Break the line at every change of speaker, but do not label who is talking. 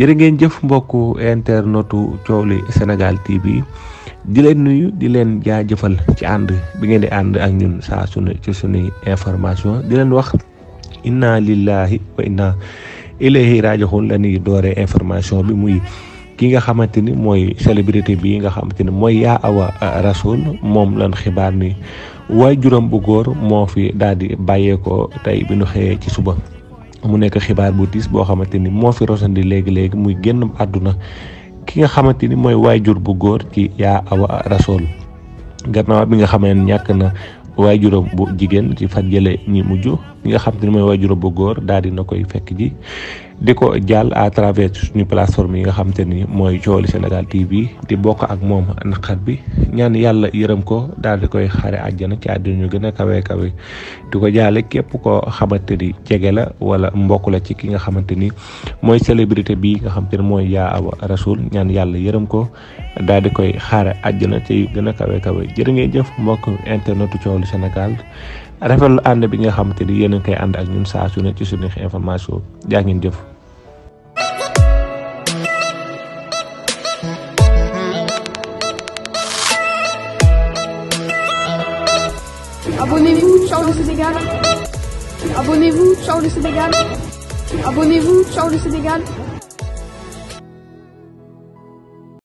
jërë ngeen jëf mbokku internetu Thiowli Sénégal TV di leen nuyu di leen jaajëfal ci ànd bi ngeen di ànd ak ñun saa ci sunuy information di leen wax inna lillahi wa rajo ilayhi raji'un la doore information bi muy ki nga xamante ni mooy célébrité bi nga xamante ni mooy Yaa Awa Rassoul moom lan xibaar ni waaye juróom bu góor moo fi daal di bàyyeekoo tey bi ñu xëyee ci suba mu nekk xibaar bu diis boo xamante ni moo fi rosandi léegi léegi muy génn àdduna ki nga xamante ni mooy waajur bu góor ci yaa awa rasool gannaaw bi nga xamee ni ñàkk na waajuram bu jigéen ci fan yële ñi mujj ki nga xam ni mooy waajuram bu góor daal dina koy fekk ji di ko jàll à travers suñu plateforme yi nga xam te ni mooy Joli Sénégal TV di bokk ak moom naqar bi ñaan yàlla yërëm ko daal di koy xare àjjana ci àddina ñu gën a kawe kawe di ko jaale képp koo xamante ni jege la wala mbokk la ci ki nga xamante ni mooy célébrité bi nga xam te ni mooy Yaa Awa Rassoul ñaan yàlla yërëm ko daal di koy xaare àjjana ci gën a kawe kawe jërë ngeen jëf mbokk internetu Joli Sénégal rafetlu ànd bi nga xamante ni yéen a koy ànd ak ñun saa su ne ci suñu information jaa ngeen jëf.
Abonnez-vous, Charles le Sénégal. Abonnez-vous, Charles de Sénégal. Abonnez-vous, Charles de Sénégal.